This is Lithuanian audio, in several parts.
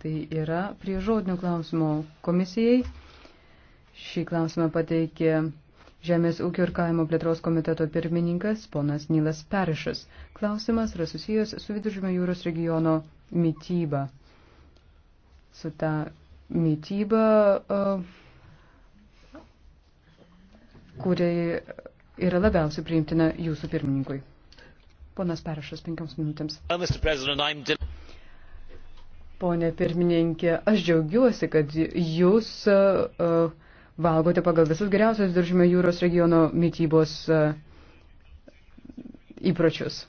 Tai yra prie žodinių klausimų komisijai. Šį klausimą pateikė Žemės ūkio ir kaimo plėtros komiteto pirmininkas ponas Nilas Perišas. Klausimas yra susijęs su Viduržmio jūros regiono mytyba. Su ta mytyba, kuriai yra labiausiai priimtina jūsų pirmininkui. Ponas Perišas, penkioms minutėms. Pone pirmininkė, aš džiaugiuosi, kad jūs uh, valgote pagal visus geriausios Duržymio jūros regiono mytybos uh, įpročius.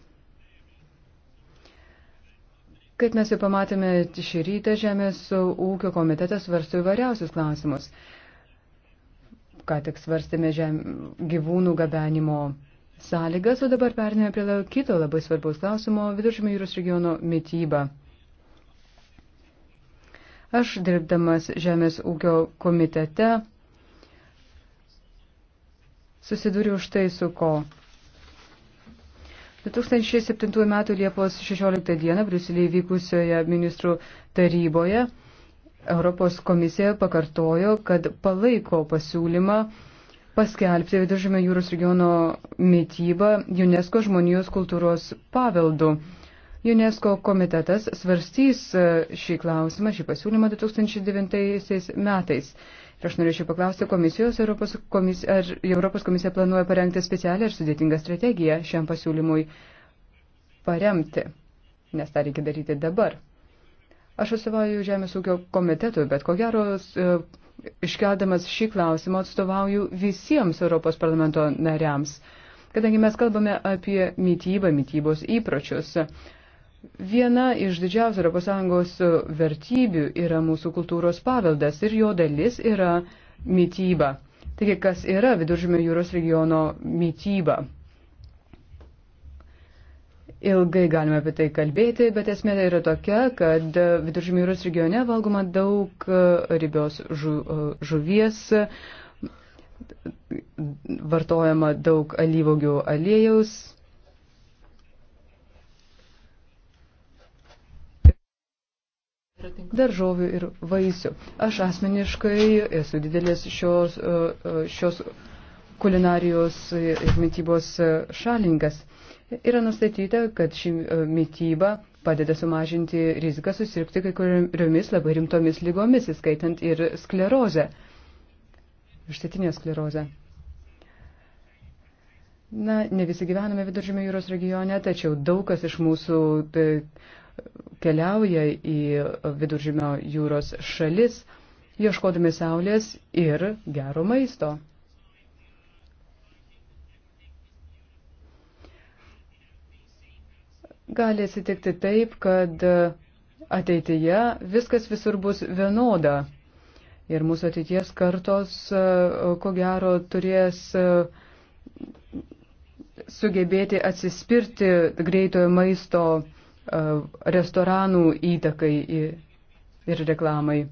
Kaip mes jau pamatėme šį rytą, Žemės ūkio komitetas svarsto įvairiausius klausimus. Ką tik svarstėme žem... gyvūnų gabenimo sąlygas, o dabar pernėme prie kito labai svarbaus klausimo - Viduržymio jūros regiono mytyba. Aš dirbdamas Žemės ūkio komitete susidūriau štai su ko. 2007 m. Liepos 16 d. Briuselėje vykusioje ministrų taryboje Europos komisija pakartojo, kad palaiko pasiūlymą paskelbti Viduržymio jūros regiono mytybą UNESCO žmonijos kultūros paveldu. UNESCO komitetas svarstys e, šį klausimą, šį pasiūlymą 2009 metais. Ir aš norėčiau paklausti komisijos, Europos komisija, ar Europos komisija planuoja parengti specialią ir sudėtingą strategiją šiam pasiūlymui paremti, nes tą reikia daryti dabar. Aš atstovauju Žemės ūkio komitetui, bet ko gero e, iškeldamas šį klausimą atstovauju visiems Europos parlamento nariams, kadangi mes kalbame apie mytybą, mytybos įpročius. Viena iš didžiausių ES vertybių yra mūsų kultūros paveldas ir jo dalis yra mytyba. Taigi, kas yra viduržymio jūros regiono mytyba? Ilgai galime apie tai kalbėti, bet esmė yra tokia, kad viduržymio jūros regione valgoma daug e, ribios žu, e, žuvies, vartojama daug alyvogių aliejaus daržovių ir vaisių. Aš asmeniškai esu didelis šios, e, e, šios kulinarijos ir mytybos e, šalingas. Yra nustatyta, kad ši mytyba padeda sumažinti riziką susirgti kai kuriomis labai rimtomis lygomis, įskaitant ir sklerozę, išsėtinę sklerozę. Na, ne visi gyvename viduržymio jūros regione, tačiau daug kas iš mūsų tai, keliauja į viduržymio jūros šalis, ieškodami saulės ir gero maisto. Gali atsitikti taip, kad ateityje viskas visur bus vienoda. Ir mūsų ateities kartos, ko gero, turės sugebėti atsispirti greitojo maisto restoranų įtakai ir reklamai.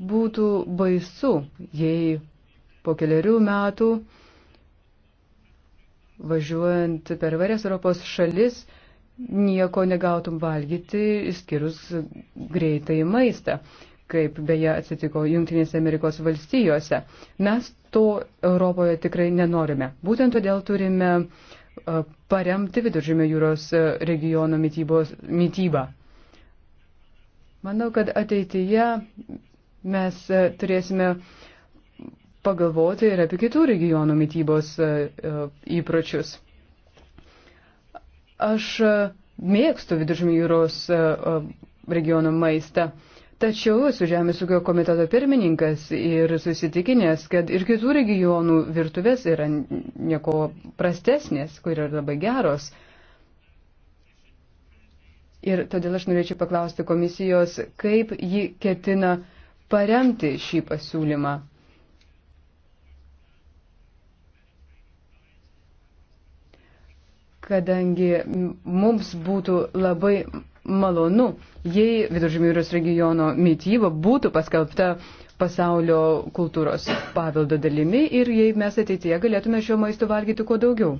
Būtų baisu, jei po keliarių metų važiuojant per varias Europos šalis nieko negautum valgyti, išskyrus greitai maistą, kaip beje atsitiko Junktinėse Amerikos valstijose. Mes to Europoje tikrai nenorime. Būtent todėl turime uh, E, paremti viduržėmio jūros e, regiono mytybos, mytybą. Manau, kad ateityje mes e, turėsime pagalvoti ir apie kitų regionų mytybos įpročius. Aš mėgstu viduržėmio jūros regiono maistą. Tačiau esu Žemės ūkio komiteto pirmininkas ir susitikinęs, kad ir kitų regionų virtuvės yra nieko prastesnės, kur yra labai geros. Ir todėl aš norėčiau paklausti komisijos, kaip ji ketina paremti šį pasiūlymą. Kadangi mums būtų labai malonu, jei Viduržymio jūros regiono mytyba būtų paskelbta pasaulio kultūros paveldo dalimi ir jei mes ateityje galėtume šio maisto valgyti kuo daugiau.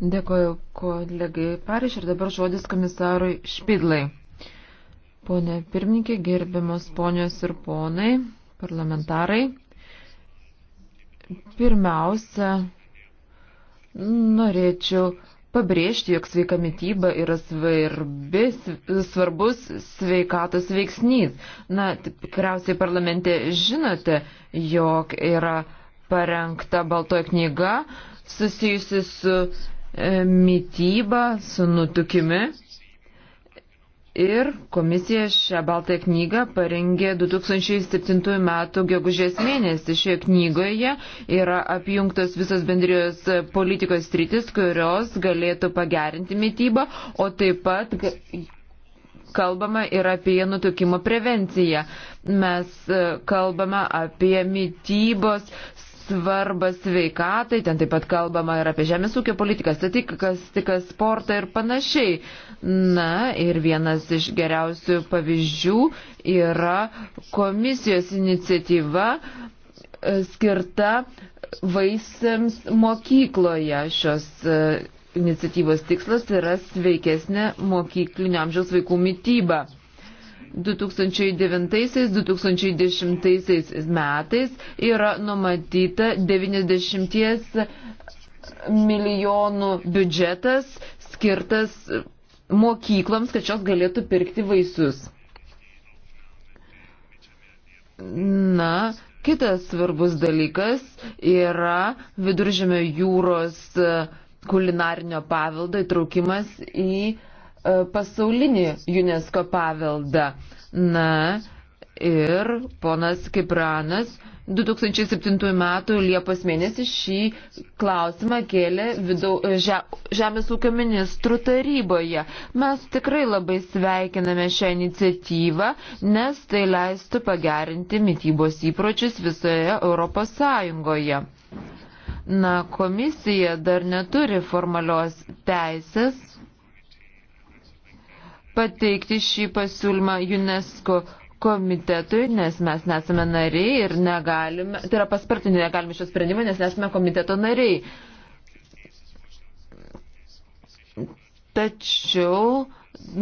Dėkoju kolegai Pariš ir dabar žodis komisarui Špidlai. Pone pirmininkė, gerbiamas ponios ir ponai, parlamentarai. Pirmiausia, norėčiau pabrėžti, jog sveika mytyba yra svarbi, svarbus sveikatos veiksnys. Na, tikriausiai parlamente žinote, jog yra parengta baltoja knyga susijusi su e, mytyba, su nutukimi ir komisija šią baltą knygą parengė 2007 m. gegužės mėnesį. Šioje knygoje yra apjungtos visos bendrijos politikos strytis, kurios galėtų pagerinti mytybą, o taip pat kalbama ir apie nutukimo prevenciją. Mes e, kalbame apie mytybos svarbą sveikatai, ten taip pat kalbama ir apie žemės ūkio politiką, statistiką, sportą ir panašiai. Na ir vienas iš geriausių pavyzdžių yra komisijos iniciatyva e, skirta vaisiams mokykloje. Šios e, iniciatyvos tikslas yra sveikesnė mokyklinio amžiaus vaikų mytyba. 2009-2010 metais yra numatyta 90 milijonų biudžetas skirtas mokykloms, kad šios galėtų pirkti vaisius. Na, kitas svarbus dalykas yra viduržėmio jūros kulinarinio paveldo įtraukimas į E, pasaulinį UNESCO paveldą. Na ir ponas Kipranas 2007 m. Liepos mėnesį šį klausimą kėlė vidau, e, že, Žemės ūkio ministrų taryboje. Mes tikrai labai sveikiname šią iniciatyvą, nes tai leistų pagerinti mytybos įpročius visoje Europos Sąjungoje. Na, komisija dar neturi formalios teisės pateikti šį pasiūlymą UNESCO komitetui, nes mes nesame nariai ir negalime, tai yra paspartinė, negalime šio sprendimo, nes nesame komiteto nariai. Tačiau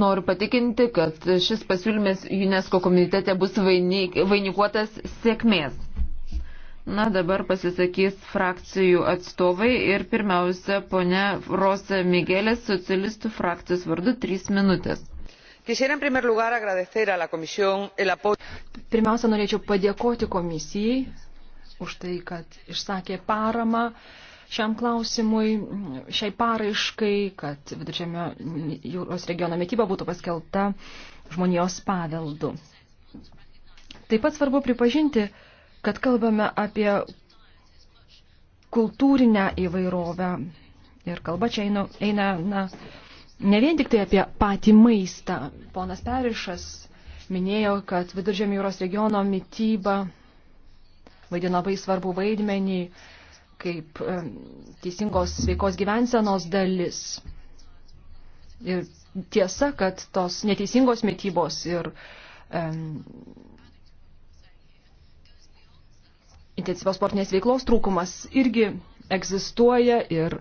noriu patikinti, kad šis pasiūlymas UNESCO komitete bus vainik, vainikuotas sėkmės. Na, dabar pasisakys frakcijų atstovai ir pirmiausia, ponia Rosa Migelė, socialistų frakcijos vardu, trys minutės. Pirmiausia, norėčiau padėkoti komisijai už tai, kad išsakė paramą šiam klausimui, šiai paraiškai, kad viduržėmio jūros regiono mytyba būtų paskelta žmonijos paveldu. Taip pat svarbu pripažinti, kad kalbame apie kultūrinę įvairovę ir kalba čia eina, eina na, ne vien tik tai apie patį maistą. Ponas Perišas minėjo, kad Viduržėmio jūros regiono mityba vaidina labai svarbu vaidmenį kaip teisingos sveikos gyvensenos dalis. Ir tiesa, kad tos neteisingos mytybos ir um, intensyvios sportinės veiklos trūkumas irgi egzistuoja ir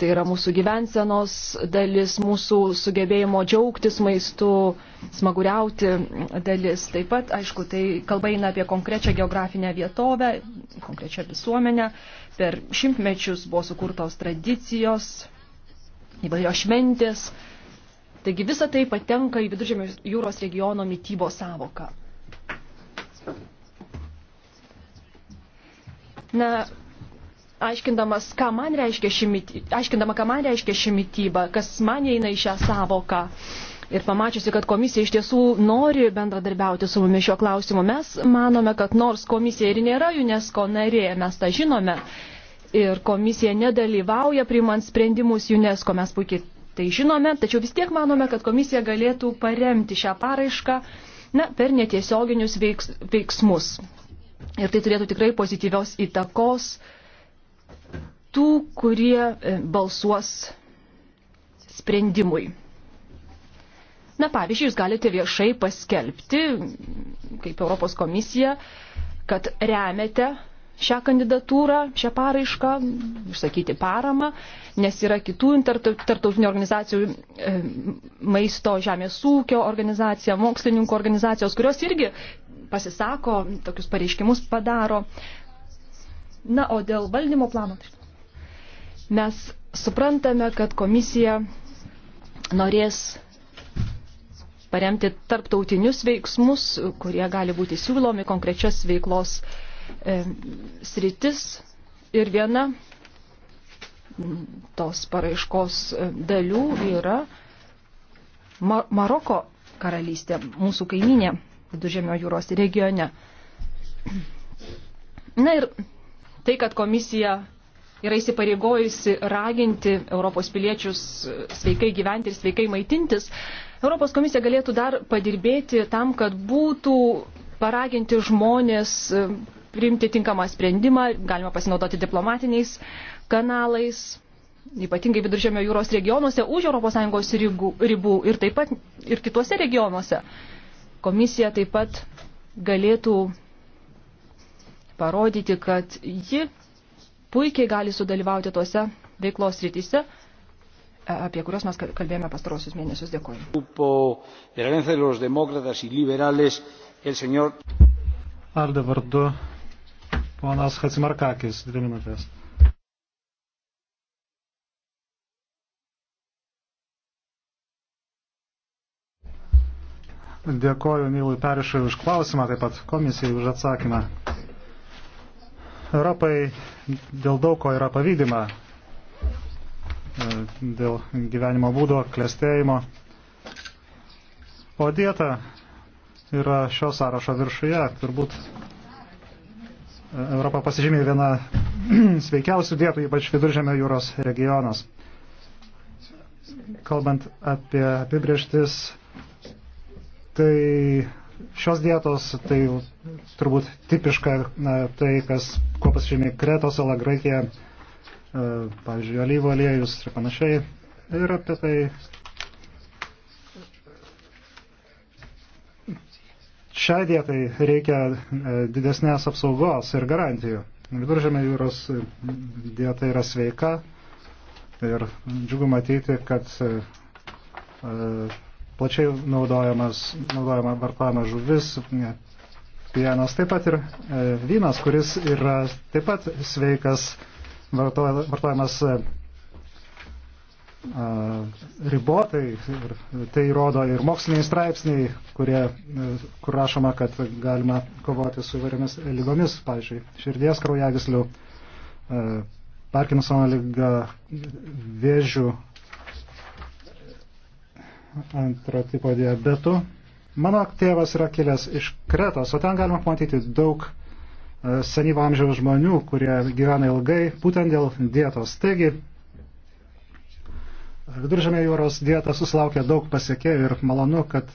tai yra mūsų gyvensenos dalis, mūsų sugebėjimo džiaugtis maistu, smaguriauti dalis. Taip pat, aišku, tai kalba eina apie konkrečią geografinę vietovę, konkrečią visuomenę. Per šimtmečius buvo sukurtos tradicijos, įvairios šventės. Taigi visa tai patenka į viduržėmio jūros regiono mytybo savoką. Na, aiškindamas, ką man reiškia ši mityba, aiškindama, ką man reiškia ši mityba, kas man įeina į šią savoką. Ir pamačiusi, kad komisija iš tiesų nori bendradarbiauti su mumis šio klausimu, mes manome, kad nors komisija ir nėra UNESCO narė, mes tą žinome, ir komisija nedalyvauja priimant sprendimus UNESCO, mes puikiai tai žinome, tačiau vis tiek manome, kad komisija galėtų paremti šią paraišką na, per netiesioginius veiks, veiksmus. Ir tai turėtų tikrai pozityvios įtakos uh, tų, kurie e, balsuos sprendimui. Na, pavyzdžiui, jūs galite viešai paskelbti, kaip Europos komisija, kad remiate šią kandidatūrą, šią paraišką, išsakyti paramą, nes yra kitų tarptautinių organizacijų, e, maisto, žemės ūkio organizacija, mokslininkų organizacijos, kurios irgi pasisako, tokius pareiškimus padaro. Na, o dėl valdymo plano. Tai Mes suprantame, kad komisija norės paremti tarptautinius veiksmus, kurie gali būti siūlomi konkrečias veiklos e, sritis. Ir viena tos paraiškos e, dalių yra Mar Maroko karalystė, mūsų kaiminė Vidužėmio jūros regione. Na ir tai, kad komisija yra įsipareigojusi raginti Europos piliečius sveikai gyventi ir sveikai maitintis, Europos komisija galėtų dar padirbėti tam, kad būtų paraginti žmonės e, priimti tinkamą sprendimą, galima pasinaudoti diplomatiniais kanalais, ypatingai viduržėmio jūros regionuose už ES ribų ir taip pat ir kituose regionuose. Komisija taip pat galėtų parodyti, kad ji puikiai gali sudalyvauti tose veiklos rytise, e, apie kuriuos mes kalbėjome pastarosius mėnesius. Dėkuoju. Señor... Alde vardu ponas Hatsimarkakis, dvi minutės. Dėkoju Nilui Perišai už klausimą, taip pat komisijai už atsakymą. Europai dėl daug ko yra pavydima. E, dėl gyvenimo būdo, klestėjimo. O dieta yra šio sąrašo viršuje. Turbūt e, Europa pasižymė viena sveikiausių dietų, ypač viduržėmio jūros regionas. Kalbant apie apibrieštis, tai šios dietos, tai turbūt tipiška na, tai, kas, kuo pasižymė Kretos sala Graikija, e, pavyzdžiui, alyvo aliejus ir panašiai. Ir apie tai šiai dietai reikia e, didesnės apsaugos ir garantijų. Viduržėme jūros dieta yra sveika ir džiugu matyti, kad e, plačiai naudojamas, naudojama vartojama žuvis, pienas, taip pat ir e, vynas, kuris yra taip pat sveikas vartojamas e, ribotai ir tai rodo ir moksliniai straipsniai, kurie, e, kur rašoma, kad galima kovoti su įvairiomis lygomis, pavyzdžiui, širdies kraujagislių, Parkinsono lyga, vėžių antro tipo diabetu. Mano tėvas yra kilęs iš Kretos, o ten galima pamatyti daug e, senyvo amžiaus žmonių, kurie gyvena ilgai, būtent dėl dietos. Taigi, viduržėmė jūros dieta susilaukė daug pasiekėjų ir malonu, kad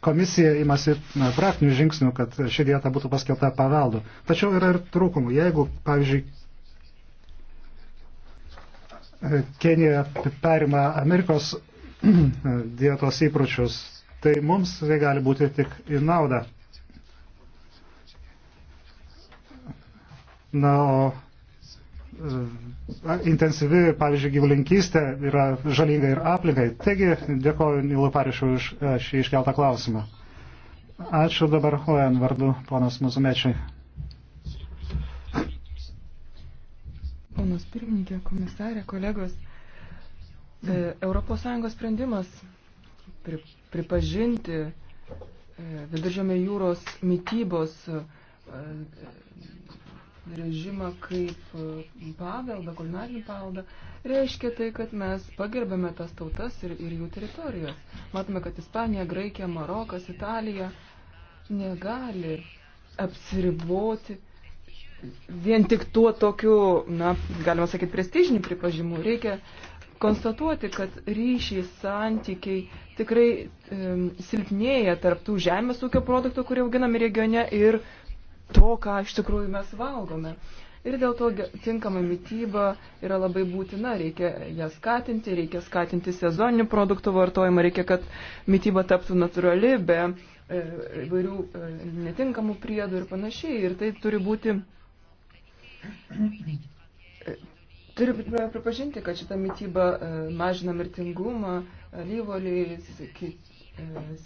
komisija imasi praktinių žingsnių, kad ši dieta būtų paskelta paveldu. Tačiau yra ir trūkumų. Jeigu, pavyzdžiui, Kenija perima Amerikos dietos įpročius, tai mums tai gali būti tik į naudą. Na, o e, intensyvi, pavyzdžiui, gyvulinkystė yra žalinga ir aplinkai. Taigi, dėkoju Nilu Parišui už e, šį iškeltą klausimą. Ačiū dabar Hojan vardu, ponas Muzumečiai. Ponas pirmininkė, komisarė, kolegos. ES sprendimas pri, pripažinti e, viduržėmio jūros mytybos e, e, režimą kaip e, paveldą, kulinarinį paveldą, reiškia tai, kad mes pagerbėme tas tautas ir, ir jų teritorijas. Matome, kad Ispanija, Graikija, Marokas, Italija negali apsiriboti vien tik tuo tokiu, na, galima sakyti, prestižiniu pripažimu. Reikia konstatuoti, kad ryšiai, santykiai tikrai e, silpnėja tarptų žemės ūkio produktų, kurie auginami regione ir to, ką iš tikrųjų mes valgome. Ir dėl to tinkama mytyba yra labai būtina, reikia ją skatinti, reikia skatinti sezoninių produktų vartojimą, reikia, kad mytyba taptų natūrali, be e, įvairių e, e, netinkamų priedų ir panašiai. Ir tai turi būti Turime pripažinti, kad šita mytyba e, mažina mirtingumą, alyvoliais, e,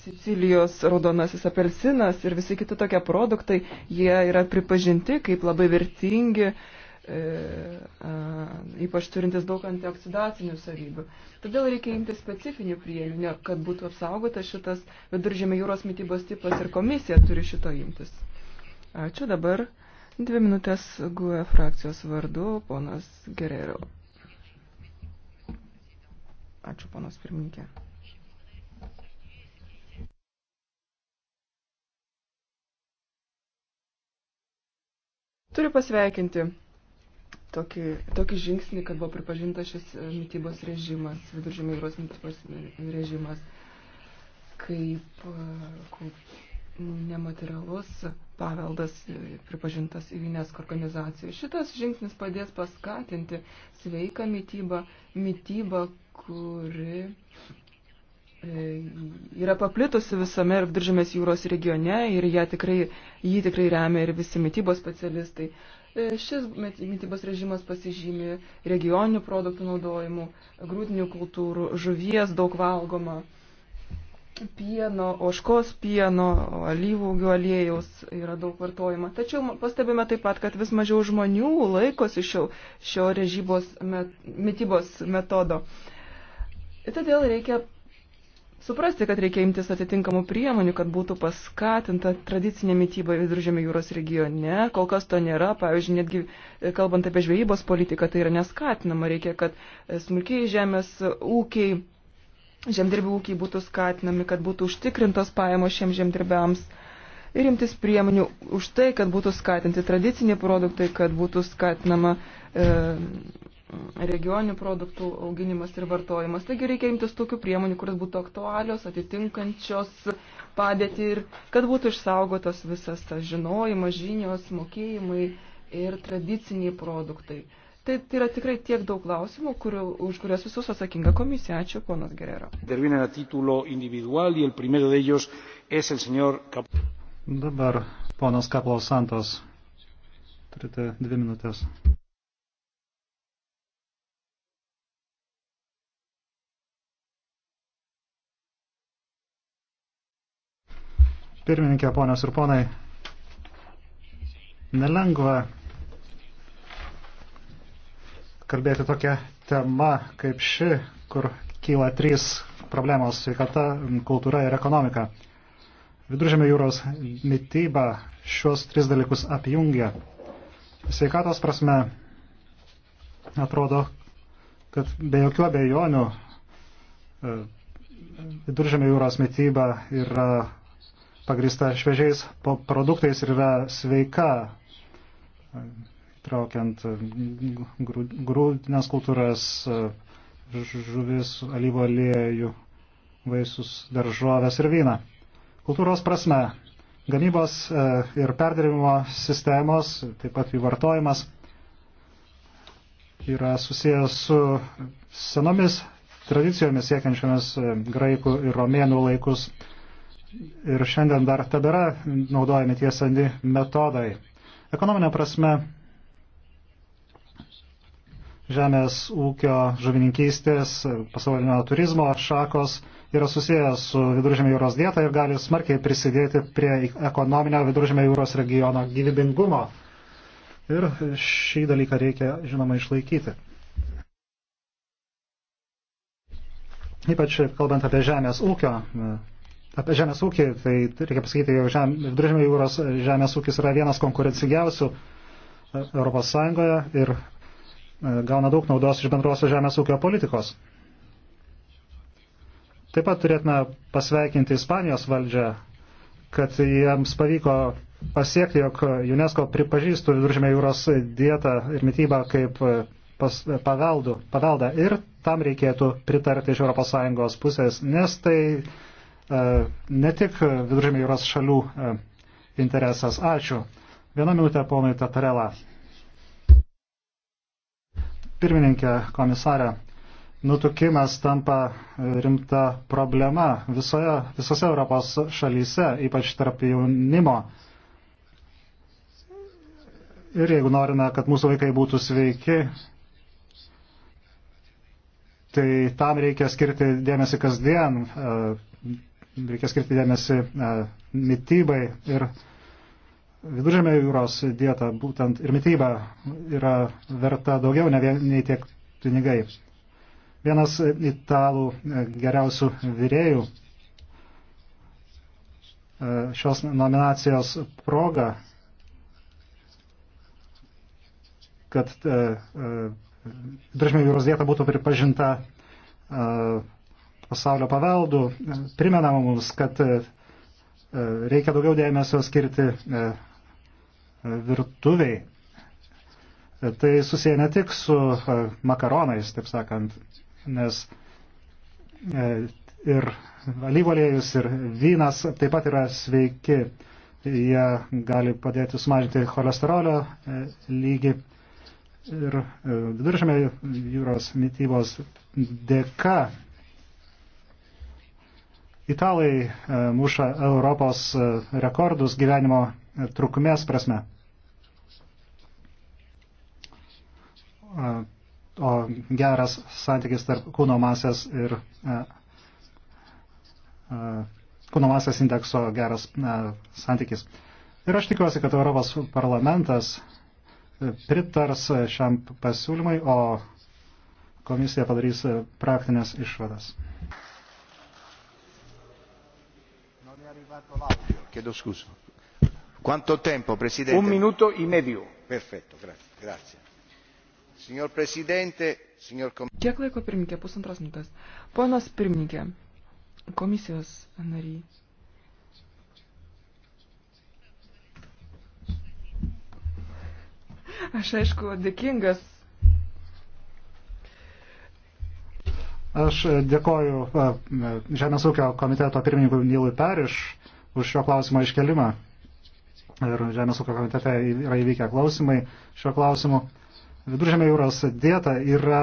Sicilijos raudonasis apelsinas ir visi kiti tokie produktai, jie yra pripažinti kaip labai vertingi, e, ypač turintis daug antioksidacinių savybių. Todėl reikia imti specifinių priemonių, kad būtų apsaugotas šitas viduržėmė jūros mytybos tipas ir komisija turi šito imtis. Ačiū dabar. Dvi minutės GUE frakcijos vardu, ponas Gerero. Ačiū, ponas pirmininkė. Turiu pasveikinti tokį, tokį žingsnį, kad buvo pripažinta šis e, mytybos režimas, viduržėmė jūros mytybos režimas, kaip, e, kaip nematerialus paveldas pripažintas UNESCO organizacijai. Šitas žingsnis padės paskatinti sveiką mytybą, mytybą, kuri e, yra paplitusi visame ir viduržėmės jūros regione ir jie tikrai, jį tikrai remia ir visi mytybos specialistai. E, šis mytybos režimas pasižymi regioninių produktų naudojimu, grūdinių kultūrų, žuvies daug valgoma pieno, oškos pieno, alyvaugių aliejaus yra daug vartojama. Tačiau pastebime taip pat, kad vis mažiau žmonių laikosi šio, šio režybos met, mytybos metodo. Ir todėl reikia suprasti, kad reikia imtis atitinkamų priemonių, kad būtų paskatinta tradicinė mytyba viduržėmė jūros regione. Kol kas to nėra. Pavyzdžiui, netgi e, kalbant apie žvejybos politiką, tai yra neskatinama. Reikia, kad e, smulkiai žemės ūkiai žemdirbių ūkiai būtų skatinami, kad būtų užtikrintos pajamos šiems žemdirbiams ir imtis priemonių už tai, kad būtų skatinti tradiciniai produktai, kad būtų skatinama e, regioninių produktų auginimas ir vartojimas. Taigi reikia imtis tokių priemonių, kurios būtų aktualios, atitinkančios padėti ir kad būtų išsaugotos visas tas žinojimas, žinios, mokėjimai ir tradiciniai produktai. Tai, tai yra tikrai tiek daug klausimų, kurių, už kurias visus atsakinga komisija. Ačiū, ponas Gerero. Dabar ponas Kaplos Santos. Turite dvi minutės. Pirmininkė, ponios ir ponai, nelengva kalbėti tokia tema kaip ši, kur kyla trys problemos - sveikata, kultūra ir ekonomika. Viduržėmio jūros mytyba šios tris dalykus apjungia. Sveikatos prasme atrodo, kad be jokių abejonių e, viduržėmio jūros mytyba yra pagrįsta šviežiais produktais ir yra sveika traukiant grūdines kultūras, žuvis, alyvo aliejų, vaisius, daržovės ir vyną. Kultūros prasme, gamybos e, ir perdirbimo sistemos, taip pat jų vartojimas yra susijęs su senomis tradicijomis siekiančiomis e, graikų ir romėnų laikus. Ir šiandien dar tebėra naudojami tie seni metodai. Ekonominė prasme žemės ūkio, žuvininkystės, pasaulinio turizmo šakos yra susijęs su viduržėmio jūros dieta ir gali smarkiai prisidėti prie ekonominio viduržėmio jūros regiono gyvybingumo. Ir šį dalyką reikia, žinoma, išlaikyti. Ypač kalbant apie žemės ūkio, apie žemės ūkį, tai reikia pasakyti, jog žem, viduržėmio jūros žemės ūkis yra vienas konkurencingiausių Europos Sąjungoje ir E, gauna daug naudos iš bendrosios žemės ūkio politikos. Taip pat turėtume pasveikinti Ispanijos valdžią, kad jiems pavyko pasiekti, jog UNESCO pripažįstų viduržėmė jūros dietą ir mytybą kaip e, pas, e, paveldų, paveldą. Ir tam reikėtų pritarti iš ES pusės, nes tai uh, ne tik viduržėmė jūros šalių uh, interesas. Ačiū. Vieną minutę ponui Tatarela pirmininkė, komisarė, nutukimas tampa rimta problema visoje, visose Europos šalyse, ypač tarp jaunimo. Ir jeigu norime, kad mūsų vaikai būtų sveiki, tai tam reikia skirti dėmesį kasdien, e, reikia skirti dėmesį e, mytybai ir viduržėmio jūros dieta būtent ir mytyba yra verta daugiau ne vien, nei tiek pinigai. Vienas italų e, geriausių vyrėjų e, šios nominacijos proga, kad e, viduržėmio jūros dieta būtų pripažinta pasaulio paveldų, primena mums, kad reikia daugiau dėmesio skirti virtuviai. Tai susiję ne tik su e, makaronais, taip sakant, nes e, ir alyvolėjus, ir vynas taip pat yra sveiki. Jie gali padėti sumažinti cholesterolio e, lygį. Ir viduržėmė jūros mytybos dėka italai muša Europos rekordus gyvenimo trukmės prasme. o geras santykis tarp kūno masės ir kūno masės indekso geras santykis. Ir aš tikiuosi, kad Europos parlamentas e, pritars šiam pasiūlymui, o komisija padarys e, praktinės išvadas. Chiedo scusa. Quanto tempo, Presidente? Un minuto e medio. Perfetto, grazie. grazie. Kiek laiko pirmininkė? Pusantros minutės. Ponas pirmininkė, komisijos nariai. Aš aišku dėkingas. Aš e, dėkoju e, e, Žemės ūkio komiteto pirmininkui Nilui Periš už šio klausimo iškelimą. Ir Žemės ūkio komitete yra įvykę klausimai šio klausimu. Viduržėmė jūros dieta yra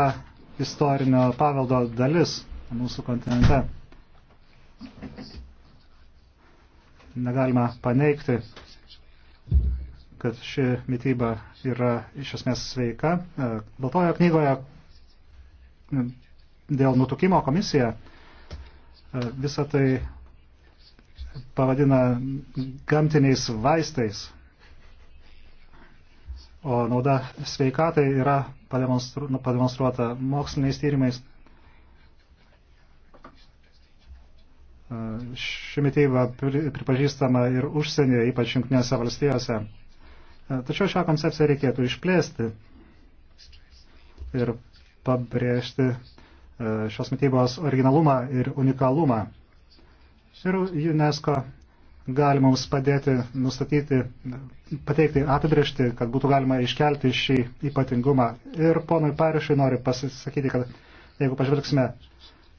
istorinio paveldo dalis mūsų kontinente. Negalima paneigti, kad ši mytyba yra iš esmės sveika. E, Baltojo knygoje dėl nutukimo komisija e, visą tai pavadina gamtiniais vaistais. O nauda sveikatai yra pademonstru, nu, pademonstruota moksliniais tyrimais. E, ši mityba pripažįstama ir užsienyje, ypač jungtinėse valstijose. E, tačiau šią koncepciją reikėtų išplėsti ir pabrėžti e, šios mitybos originalumą ir unikalumą. Ir UNESCO gali mums padėti nustatyti, pateikti apibriežti, kad būtų galima iškelti šį ypatingumą. Ir ponui Parišai noriu pasakyti, kad jeigu pažvelgsime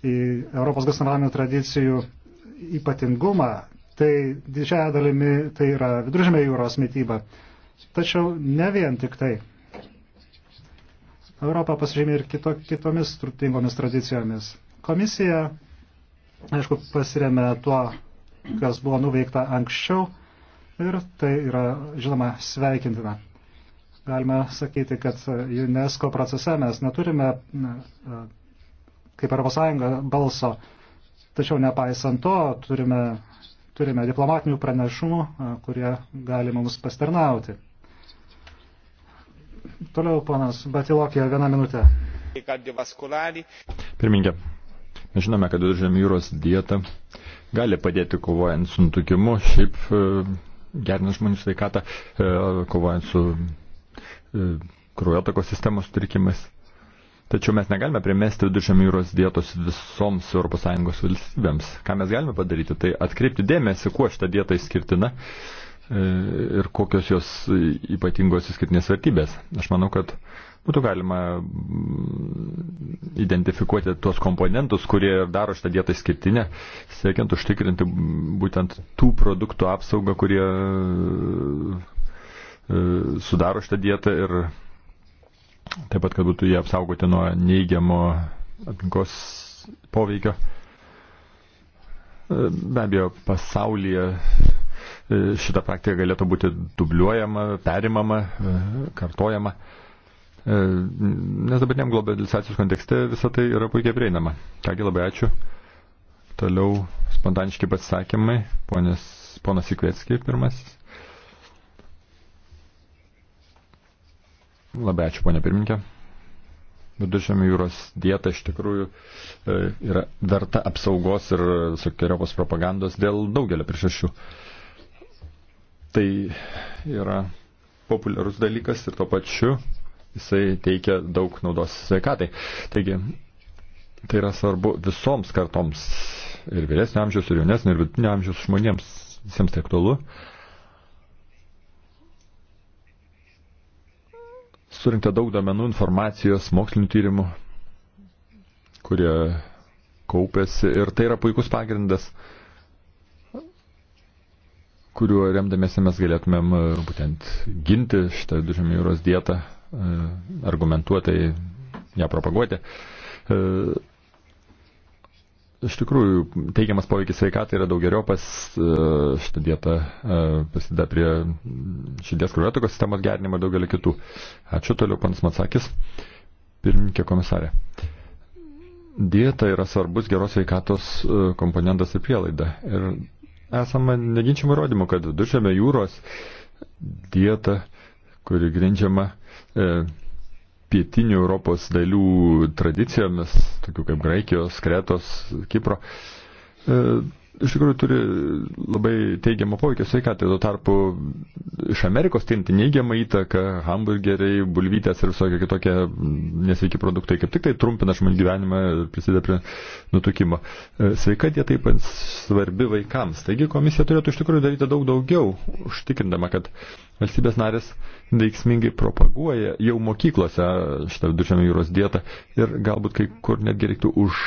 į Europos gastronominių tradicijų ypatingumą, tai didžiaja dalimi tai yra viduržėmė jūros mytyba. Tačiau ne vien tik tai. Europą pasižymė ir kito, kitomis turtingomis tradicijomis. Komisija, aišku, pasiremė tuo kas buvo nuveikta anksčiau ir tai yra, žinoma, sveikintina. Galime sakyti, kad UNESCO procese mes neturime kaip Europos Sąjunga balso, tačiau nepaisant to turime, turime diplomatinių pranešumų, kurie gali mums pasternauti. Toliau ponas Batilokija, vieną minutę. Pirmininkė, mes žinome, kad viduržėmio jūros dieta gali padėti kovojant su nutukimu, šiaip e, gerina žmonių sveikatą, e, kovojant su e, kraujotakos sistemos sutrikimais. Tačiau mes negalime primesti viduržėmio jūros dietos visoms ES valstybėms. Ką mes galime padaryti, tai atkreipti dėmesį, kuo šita dieta išskirtina E, ir kokios jos ypatingos įskirtinės vertybės. Aš manau, kad būtų galima mm, identifikuoti tuos komponentus, kurie daro šitą dietą išskirtinę, siekiant užtikrinti būtent tų produktų apsaugą, kurie e, sudaro šitą dietą ir taip pat, kad būtų jie apsaugoti nuo neigiamo aplinkos poveikio. E, be abejo, pasaulyje šita praktika galėtų būti dubliuojama, perimama, kartojama. E, nes dabartiniam globalizacijos kontekste visą tai yra puikiai prieinama. Kągi labai ačiū. Toliau spontaniški pasisakymai. Ponas, ponas Ikvetski pirmasis. Labai ačiū, ponė pirminkė. Viduržėmio jūros dieta iš tikrųjų e, yra verta apsaugos ir sukerėpos propagandos dėl daugelio priešašių. Uh, Tai yra populiarus dalykas ir tuo pačiu jisai teikia daug naudos sveikatai. Taigi, tai yra svarbu visoms kartoms ir vyresnio amžiaus, ir jaunesnio, ir vidutinio amžiaus žmonėms, visiems tai aktualu. Surinkta daug domenų informacijos, mokslinių tyrimų, kurie kaupėsi ir tai yra puikus pagrindas uh, kuriuo remdamėsi mes galėtumėm e, būtent ginti šitą viduržėmio jūros dietą, e, argumentuotai ją propaguoti. E, iš tikrųjų, teigiamas poveikis sveikatai yra daug geriau pas šitą dietą, pasida prie širdies kraujotakos sistemos gerinimo ir daugelį kitų. Ačiū toliau, panas Matsakis, pirmininkė komisarė. Dieta yra svarbus geros sveikatos komponentas ir prielaida. Ir esama neginčiamų įrodymų, kad dušiame jūros dieta, kuri grindžiama e, pietinių Europos dalių tradicijomis, tokių kaip Graikijos, Kretos, Kipro, e, iš tikrųjų turi labai teigiamą poveikį sveikatai. Tuo tarpu iš Amerikos tinti neigiamą įtaką hamburgeriai, bulvytės ir visokie kitokie nesveiki produktai kaip tik tai trumpina žmonių gyvenimą ir prisideda prie nutukimo. E, sveika tie taip pat svarbi vaikams. Taigi komisija turėtų iš tikrųjų daryti daug daugiau, užtikrindama, kad valstybės narės veiksmingai propaguoja jau mokyklose šitą viduržėmio jūros dietą ir galbūt kai kur netgi reiktų už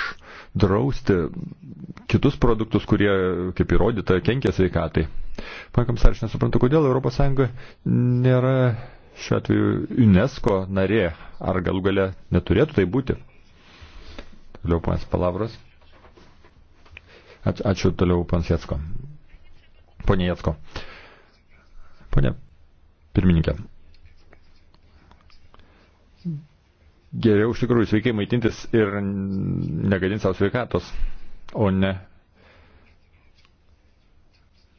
drausti kitus produktus, kurie, kaip įrodyta, kenkia sveikatai. Pankams, ar aš nesuprantu, kodėl ES nėra šiuo atveju UNESCO narė, ar galų gale neturėtų tai būti. Toliau panas Palavras. Ačiū, ačiū toliau panas Jatsko. Pone Jatsko. Pone pirmininkė. geriau iš tikrųjų sveikai maitintis ir negadinti savo sveikatos, o ne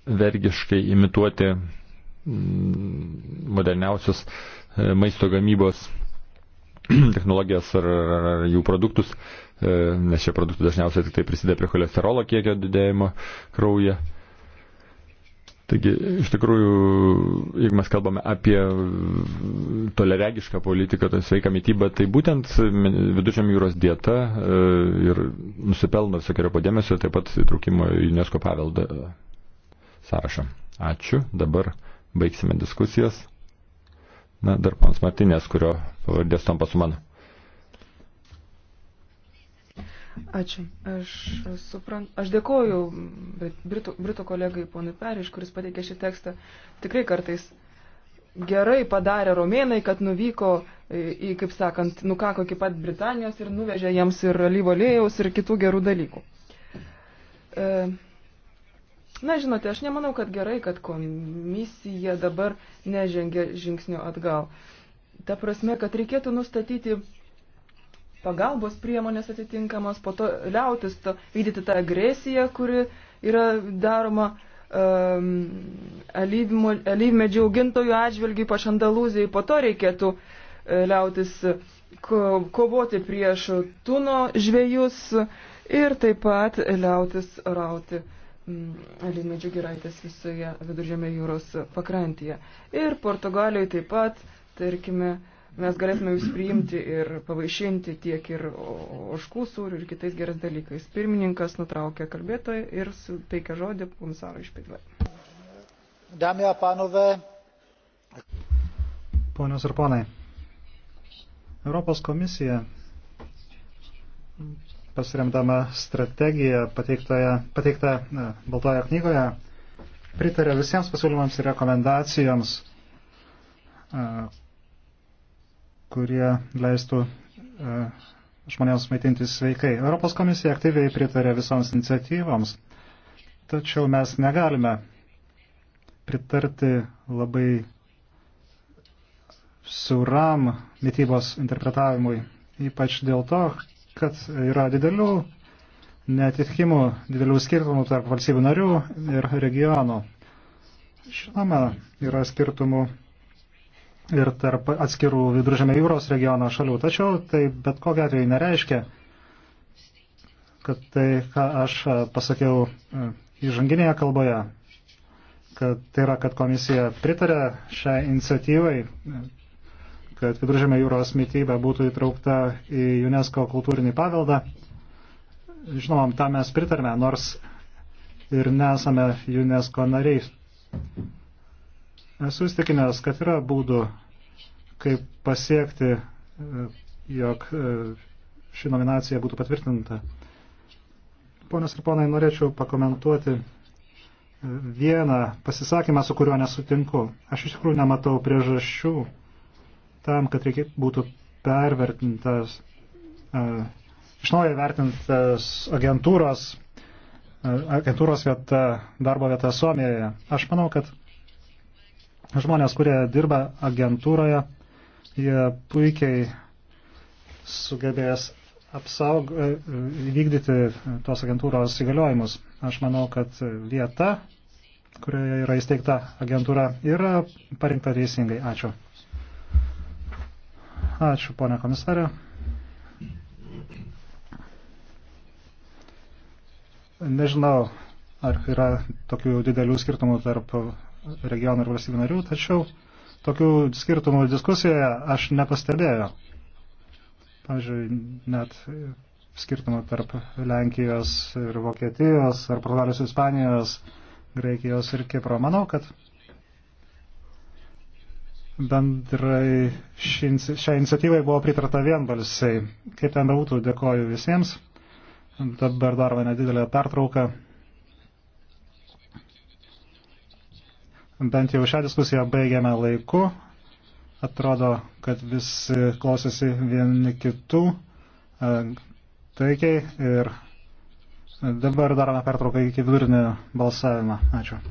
vergiškai imituoti mm, moderniausius e, maisto gamybos technologijas ar, ar, ar jų produktus, e, nes šie produktai dažniausiai tik tai prisideda prie cholesterolo kiekio didėjimo kraujyje. Taigi, iš tikrųjų, jeigu mes kalbame apie toleregišką politiką, tai sveiką mytybą, tai būtent viduržėm jūros dieta e, ir nusipelno visokio padėmesio, taip pat įtraukimo į UNESCO paveldą e, sąrašą. Ačiū, dabar baigsime diskusijas. Na, dar pans Martinės, kurio pavardės tampa su mano. Ačiū. Aš, suprant, aš dėkoju Britų, Britų kolegai ponui Periš, kuris pateikė šį tekstą. Tikrai kartais gerai padarė romėnai, kad nuvyko į, kaip sakant, nukako iki pat Britanijos ir nuvežė jiems ir alyvolėjaus ir kitų gerų dalykų. E, na, žinote, aš nemanau, kad gerai, kad komisija dabar nežengia žingsnio atgal. Ta prasme, kad reikėtų nustatyti pagalbos priemonės atitinkamos, po to liautis to, vykdyti tą agresiją, kuri yra daroma um, alyvmedžių augintojų atžvilgių, ypač Andalūzijai, po to reikėtų e, liautis kovoti prieš tuno žvėjus ir taip pat liautis rauti mm, alyvmedžių giraitės visoje viduržėme jūros pakrantėje. Ir Portugalijoje taip pat, tarkime, uh, mes galėtume jūs priimti ir pavaišinti tiek ir oškų sūrių ir kitais gerais dalykais. Pirmininkas nutraukė kalbėtoją ir suteikia žodį komisarui Špitvai. Dami a panove. Ponios ir ponai, Europos komisija pasiremdama strategiją pateiktą e, Baltoje knygoje pritarė visiems pasiūlymams ir rekomendacijoms, e, kurie leistų e, žmonėms maitintis sveikai. Europos komisija aktyviai pritarė visoms iniciatyvoms, tačiau mes negalime pritarti labai siauram mytybos interpretavimui, ypač dėl to, kad yra didelių netitikimų, didelių skirtumų tarp valstybių narių ir regionų. Žinoma, yra skirtumų ir tarp atskirų viduržėmė jūros regiono šalių. Tačiau tai bet kokia atveju nereiškia, kad tai, ką aš pasakiau e, įžanginėje kalboje, kad tai yra, kad komisija pritarė šią iniciatyvai, kad viduržėmė jūros mytybė būtų įtraukta į UNESCO kultūrinį paveldą. Žinom, tam mes pritarme, nors ir nesame UNESCO nariais. Esu įstikinęs, kad yra būdų, kaip pasiekti, e, jog e, ši nominacija būtų patvirtinta. Ponios ir ponai, norėčiau pakomentuoti e, vieną pasisakymą, su kuriuo nesutinku. Aš iš tikrųjų nematau priežasčių tam, kad reikia, būtų pervertintas, iš naujo vertintas agentūros, agentūros vieta, darbo vieta Suomijoje. Aš manau, kad Žmonės, kurie dirba agentūroje, jie puikiai sugebės apsaug, e, e, vykdyti tos agentūros įgaliojimus. Aš manau, kad vieta, kurioje yra įsteigta agentūra, yra parinkta teisingai. Ačiū. Ačiū, ponė komisarė. Nežinau, ar yra tokių didelių skirtumų tarp regionų ir valstybių narių, tačiau tokių skirtumų diskusijoje aš nepastebėjau. Pavyzdžiui, net skirtumą tarp Lenkijos ir Vokietijos, ar Portugalijos, Ispanijos, Graikijos ir Kipro. Manau, kad bendrai ši, šiai iniciatyvai buvo pritarta vienbalsiai. Kaip ten būtų, dėkoju visiems. Dabar darome nedidelę pertrauką. bent jau šią diskusiją baigėme laiku. Atrodo, kad visi klausėsi vieni kitų e, taikiai ir dabar darome pertrauką iki vidurinio balsavimo. Ačiū.